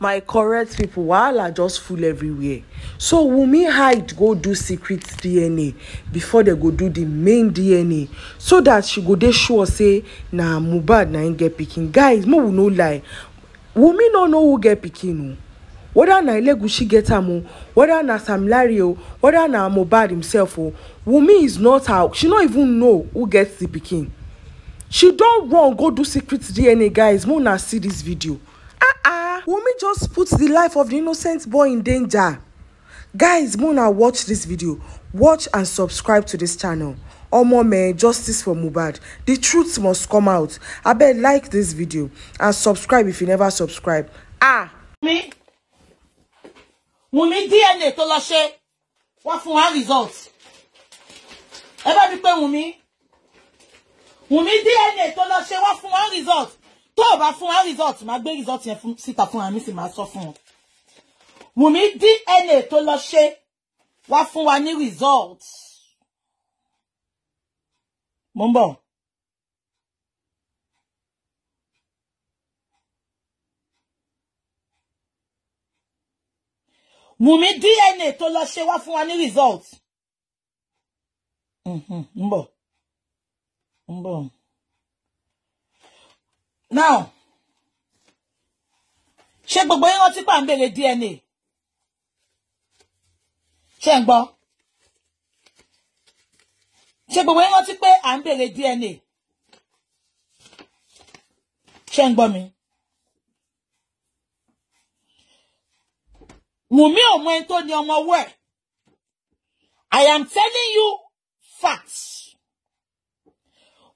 my correct people wahala just full everywhere so wunmi hide go do secret dna before dem go do the main dna so that she go dey sure say na mohbad na im get pikin guys make we no lie wunmi no know who get pikin o whether na elegushi get am o whether na sam larry o whether na mohbad himself o wunmi is not her she no even know who get the pikin she don run go do secret dna guys make una see this video Wunmi just put the life of the innocent boy in danger. Guys, Muna watch this video. Watch and subscribe to this channel. Omome, justice for Mubad. The truth must come out. I bet like this video and subscribe if you never subscribe. Ah! Me? Wunmi DNA to lọ ṣe. Wá fún wa result. Ẹ bá bí pé DNA to lọ ṣe wá fún wa result tó o bá fún wa result máa gbé result yẹn fún síta fún àmì sì máa sọ fún ọ Wùmí DNA tó lọ ṣe wá fún wa ní result mo ń bọ̀. Wùmí DNA tó lọ ṣe wá fún wa ní result. Mm-hmm. ń bọ̀ now ṣé gbogbo yín rántí pà ń béèrè DNA ṣé ń gbọ́ ṣé gbogbo yín rántí pé à ń béèrè DNA ṣé ń gbọ́ mi. Wùmí ò mọ ẹni tó ní ọmọ ọwọ́ I am telling you facts.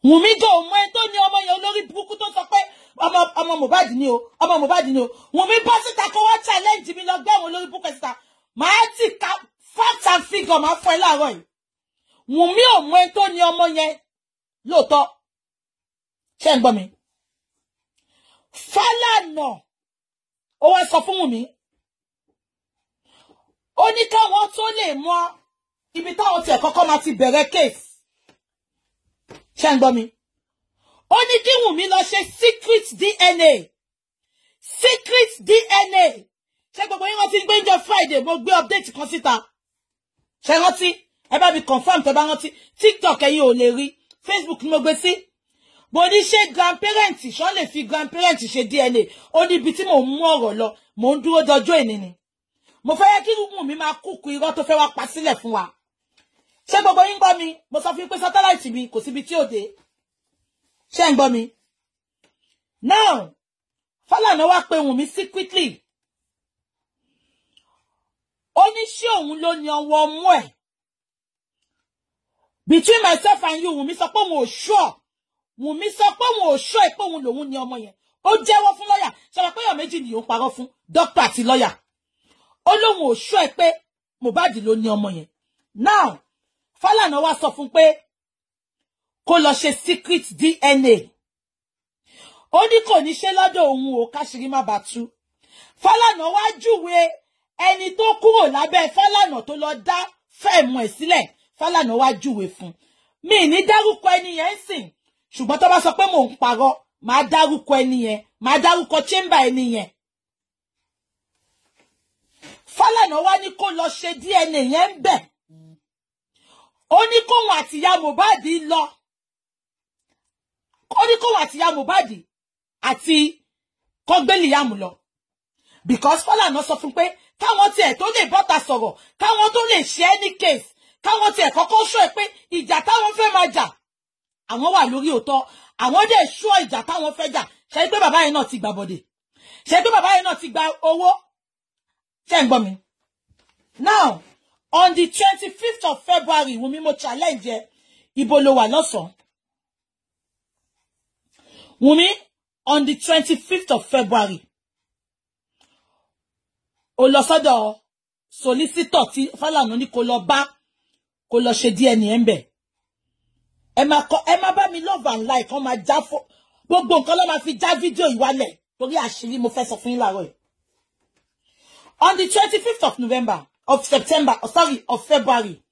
Wùmí gan ò mọ ẹ tó ní ọmọ yẹn olórí burúkú tó sọ pé ọmọ ọmọ Mohbad ni o ọmọ Mohbad ni o Wùmí bọ́ síta kó wá challenge mi lọ gbé àwọn olórí burúkú síta màá ti ka fact and figure máa fọ ẹ láàárọ̀ yìí Wùmí ò mọ ẹ tó ní ọmọ yẹn lóòótọ́ ṣé ń gbọ́ mi Fálànà ó wá sọ fún Wùmí ó ní káwọn tó lè mọ ibi táwọn tiẹ̀ kọ́kọ́ máa ti bẹ̀rẹ̀ case ṣé ń gbọ́ mi ó ní kí Wùnmí lọ ṣe secret DNA secret DNA ṣé gbogbo yín rántí pé níjọ́ Friday mo gbé update kan síta ṣé rántí ẹ bá mi confirm tẹ́ bá rántí TikTok ẹ̀yin ò lè rí Facebook ni mo gbé sí mo ní ṣé grandparent ṣọ́ lè fi grandparent ṣe DNA ó ní ibi tí mò ń mú ọ̀rọ̀ lọ mò ń dúró dọjọ́ ènìyàn mo fẹ́ yẹ kí Wùnmí máa kúkú irọ́ tó fẹ́ wá pa sílẹ̀ fún wa ṣé gbogbo yín gbọ́ mi mo sọ fún pé sátáláìtì mi kò síbi tí ò dé ṣé ń gbọ́ mi now Fálànà wá pe Wùnmí secretly ó ní ṣé òun ló ní ọwọ́ ọmú ẹ̀ between myself and you Wùnmí sọ pé òun ò ṣọ́ Wùnmí sọ pé òun ò ṣọ́ ẹ̀ pé òun lòun ní ọmọ yẹn ó jẹ́wọ́ fún lọ́yà ṣọlá pé èèyàn méjì nìyó parọ́ fún dókítà àti lọ́yà ó lóun ò ṣọ́ ẹ̀ pé Mohbad ló ní ọmọ yẹn now Fálànà wá sọ fún pé kó lọ ṣe secret DNA ó ní kò ní ṣe lọ́dọ̀ òun ò káṣírí má bàa tú Fálànà wá júwe ẹni tó kúrò lábẹ́ Fálànà tó lọ dá fẹ́ẹ̀mù ẹ̀ sílẹ̀ Fálànà wá júwe fún mi ní dárúkọ ẹni yẹn ń sìn ṣùgbọ́n tó bá sọ pé mò ń parọ́ màá dárúkọ ẹni yẹn màá dárúkọ chamber ẹni yẹn Fálànà wá ní kó lọ ṣe DNA yẹn ń bẹ̀ ó ní kóhun àtìyá Mohbad lọ ó ní kóhun àtìyá Mohbad àti kọgbélìyàmù lọ because Fálànà sọ fún pé káwọn tiẹ̀ tó lè bọ́ta sọ̀rọ̀ káwọn tó lè ṣe any case káwọn tiẹ̀ kọ́kọ́ sọ ẹ pé ìjà táwọn fẹ́ máa jà àwọn wà lórí òótọ́ àwọn dẹ̀ sọ ìjà táwọn fẹ́ jà ṣe pé bàbá yẹn náà ti gbà bọ̀dẹ̀ ṣe pé bàbá yẹn náà ti gba owó ṣe ń gbọ́ mi now on the twenty fifth of February Wunmi mo challenge ẹ ibo ló wà lọ́sàn Wunmi on the twenty fifth of February ó lọ sọ́dọ̀ solicitor tí Fálànà ní kó lọ bá kó lọ ṣe díẹ̀ ní ẹ̀ ẹ máa kọ ẹ máa bá mi love and like ọ máa já fọ gbogbo nǹkan ló máa fi já fídíò ìwálẹ̀ torí àṣírí mo fẹ́ sọ fún yín láàárọ̀ yìí on the twenty fifth of November of September, oh sorry, of February,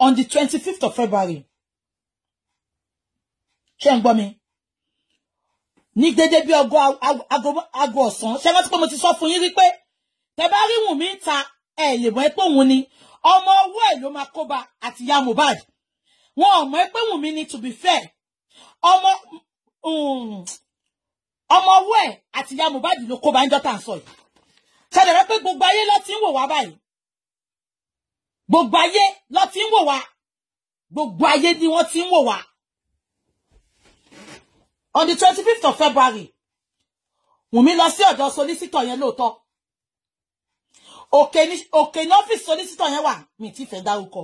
on the 25th of February. Ṣé ń gbọ́ mi? Ní dédé bí ọgọ́ aago ọ̀sán, ṣé rántí pé mo ti sọ fún yín rí pé tẹ̀bá rí wùn mí ta ẹ̀ lè mọ̀ ẹ́ pé òun ni ọmọ owó ẹ̀ ló máa kóba àti ya Mohbad. Wọn ò mọ̀ ẹ́ pé wùn mí ni to be fair. Ọmọ mm, ọmọ owó ẹ̀ ati ya Mohbad ló kóba ń jọ́ta ń sọ yìí. Ṣé ẹ̀rọ pé gbogbo ayé ló ti ń wò wá gbogbo ayé ló ti ń wò wá gbogbo ayé ni wọ́n ti ń wò wá. on the twenty fifth of February Wùmí lọ sí ọ̀dọ̀ solicitor yẹn lóòótọ́ òkè ní òkè ní ọ́fíìsì solicitor yẹn wà mi ti fẹ́ dárúkọ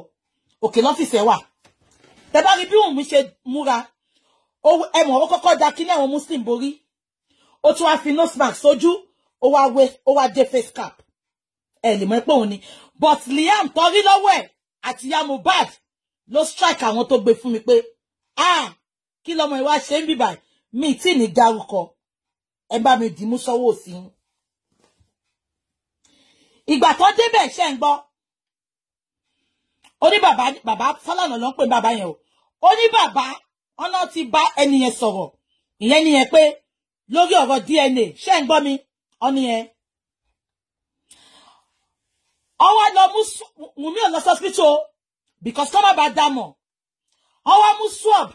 òkè ní ọ́fíìsì yẹn wà tẹ́ bá rí bí Wùmí ṣe múra ẹ mọ̀ ó kọ́kọ́ da kí ní àwọn muslim borí ó tún wá fi nose mask sójú ó wá dé face cap ẹ lè pé òun ni but Liam torí lọ́wọ́ ẹ̀ àti ya Mohbad ló strike àwọn tó gbé fún mi pé ah kí lọmọ ìwà ṣe ń bìbà mi tí ní dárúkọ ẹ bá mi dìímú sọ́wọ́ sí i. ìgbà tó débẹ̀ ṣe ń gbọ́ ó ní bàbá bàbá Fálànà ló ń pè bàbá yẹn o ó ní bàbá ọ̀nà ti bá ẹni yẹn sọ̀rọ̀ ìyẹn nìyẹn pé lórí ọ̀rọ̀ DNA ṣe ń gbọ́ mi ọ̀nìyẹn Wùmí ò lọ sí hospital because kọ́ má bàa dá mọ̀ wọ́n wá mú swab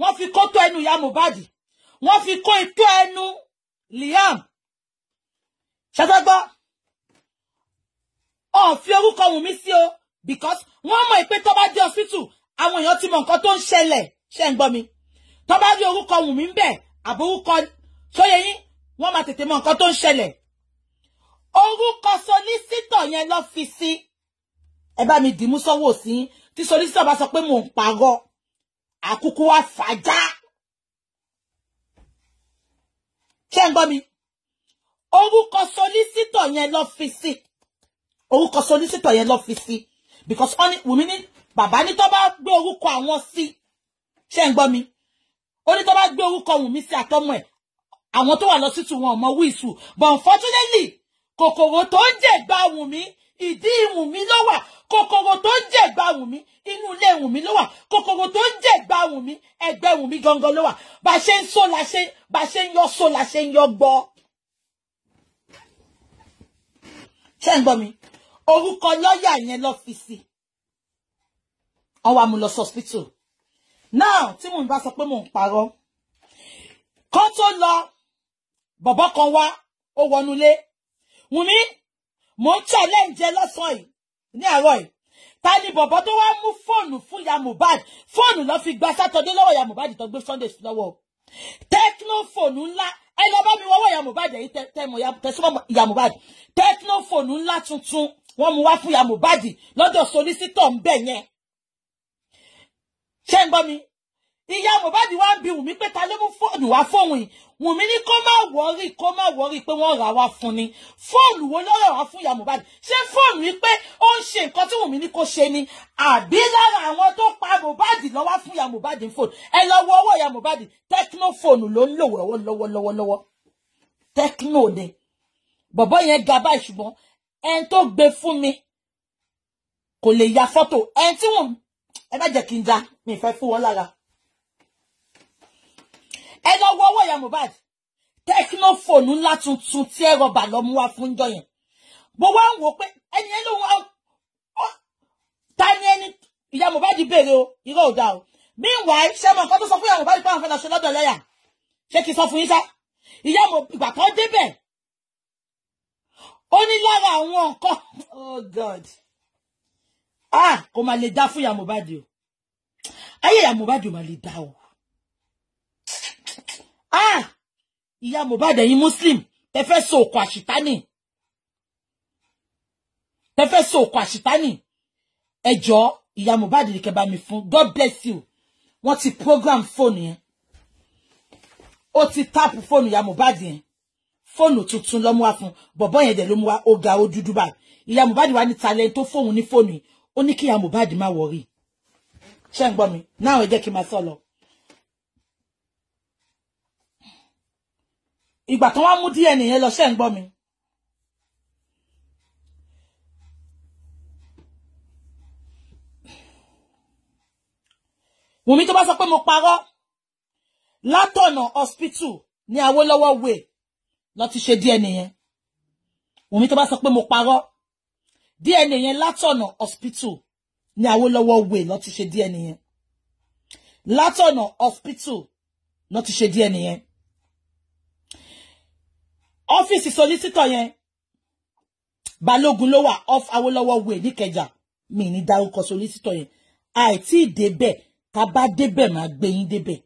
wọ́n fi kó tó ẹnu ìyá Mohbad wọ́n fi kó ètò ẹnu Liam ṣàtọ́gbọ́ ọ̀ fi orúkọ Wùmí sí o because wọ́n mọ̀ pé tó bá dé hospital àwọn èèyàn ti mọ nǹkan tó ń ṣẹlẹ̀ ṣe ń gbọ́ mi tó bá rí orúkọ Wùmí ń bẹ̀ àbórúkọ sóyè wọ́n máa tètè mọ nǹkan tó ń ṣẹlẹ̀ orúkọ sọ ní sítọ̀ yẹn lọ́ fi sí. Si ẹ bá mi dìímú sọ́wọ́ sí tí solicitor bá sọ pé mò ń parọ́ àkúkú wa fàájà ṣé ń gbọ́ mi orúkọ solicitor yẹn lọ fi sí orúkọ solicitor yẹn lọ fi sí because wọ́n ní wùmí ní bàbá ní tó bá gbé orúkọ àwọn sí ṣé ń gbọ́ mi ó ní tó bá gbé orúkọ wùmí sí àtọmọ ẹ̀ àwọn tó wà lọ sí tù wọn ọmọ wíìsù but unfortunately kòkòrò tó ń jẹ̀gbá wùmí ìdí Wùnmí ló wà kòkòrò tó ń jẹ̀gbà Wùnmí inú ilé Wùnmí ló wà kòkòrò tó ń jẹ̀gbà Wùnmí ẹgbẹ́ Wùnmí gangan ló wà bá ṣe ń so la ṣe bá ṣe ń yọ so la ṣe ń yọ gbọ́. ṣé ń gbọ́ mi orúkọ lọ́ọ̀yà yẹn lọ fi sí ọ wá mú lọ sí hospital now tí mo bá sọ pé mò ń parọ́ kó tó lọ bọ̀bọ́ kan wá ó wọnú ilé Wùnmí mo ń challenge ẹ lọ́sàn-án yìí ní àárọ̀ yìí ta ni bọ̀bọ̀ tó wá mú fóònù fún ya Mohbad fóònù lọ fi gba sátọdé lọ́wọ́ ya Mohbad tó gbé Sunday lọ́wọ́ tẹ́kínó fóònù ńlá ẹ lọ bá mi wọ́wọ́ ya Mohbad èyí tẹ́símọ́ ya Mohbad tẹ́kínó fóònù ńlá tuntun wọ́n mu wá fún ya Mohbad lọ́dọ̀ solisítọ̀ ń bẹ̀ yẹn ṣé ń gbọ́ mi ìyá Mohbad wá ń bi Wùmí pé ta ló mú fóònù wá fóun yìí Wùmí ní kó má wọrí kó má wọrí pé wọ́n rà wá fún ni fóònù wo ló rà wá fún ìyá Mohbad ṣé fóònù yìí pé ó ń ṣe nǹkan tí Wùmí ní kó ṣe ni àbí lára àwọn tó pa Mohbad ló wá fún ìyá Mohbad fóònù ẹ lọ wo owó ìyá Mohbad tẹkínó ló ń lò lọ́wọ́lọ́wọ́lọ́wọ́ tẹkínó ni bọ̀bọ́ yẹn ga báyìí ṣùgbọ́n ẹni tó gbé fún mi kò lè ya fọ́tò ẹni tí wọ́n ẹ bá jẹ́ kí n já mi fẹ́ fún wọn lára ẹ lọ wọ ọwọ́ ìyá Mohbad tẹkínófóònù ńlá tuntun tí ẹ rọba lọ mú wá fún jọ yẹn mo wá ń wò pé ẹni ẹni lòun ta ni ẹni ìyá Mohbad béèrè o irọ́ ò dáa o meanwhile ṣé mo nǹkan tó sọ fún ìyá Mohbad pé àwọn fẹ́ lọ ṣe lọ́dọ̀ lẹ́yà ṣé kí n sọ fún yín sá ìyá mo ìgbà kan débẹ̀ ó ní lára àwọn nǹkan oh God ah kò máa lè dá fún ìyá Mohbad o ayé ìyá Mohbad ò máa lè dá o Ah, ìyá Mohbad ẹ̀yin muslim tẹ fẹ́ so òkò àṣìtánì tẹ fẹ́ so òkò àṣìtánì ẹ jọ̀ọ́ ìyá Mohbad ní kẹ́ bá mi fún god bless you wọ́n ti program fóònù yẹn ó ti táàpù phone ìyá Mohbad yẹn Phone. tuntun ló mú wá fún bọ̀bọ́ yẹn dẹ̀ ló mú wá ó ga ó dúdú báyìí ìyá Mohbad wá ní talẹ̀ tó fóònù ní fóònù yìí ó ní kí ìyá Mohbad má wọrí ṣé ń gbọ́ solo. náà ìgbà tó wá mú DNA yẹn lọ ṣe ń gbọ́ mi. Wùmí tó bá sọ pé mo parọ́ látọ̀nà hospital ní Awólọ́wọ̀ way lọ ti ṣe DNA yẹn. Wùmí tó bá sọ pé mo parọ́ DNA yẹn látọ̀nà hospital ní Awólọ́wọ̀ way lọ ti ṣe DNA yẹn. Látọ̀nà hospital lọ ti ṣe DNA yẹn ọ́fíìsì solicitor yẹn balógun ló wà off awolowo way níkẹjà mi ní dárúkọ solicitor yẹn àìtí ìdébẹ̀ tá a bá débẹ̀ máa gbé yín débẹ̀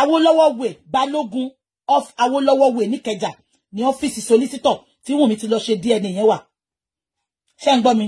awolowo way balógun off awolowo way níkẹjà ní ọ́fíìsì solicitor tí wùnmí ti lọ ṣe DNA yẹn wà ṣé ń gbọ́ mi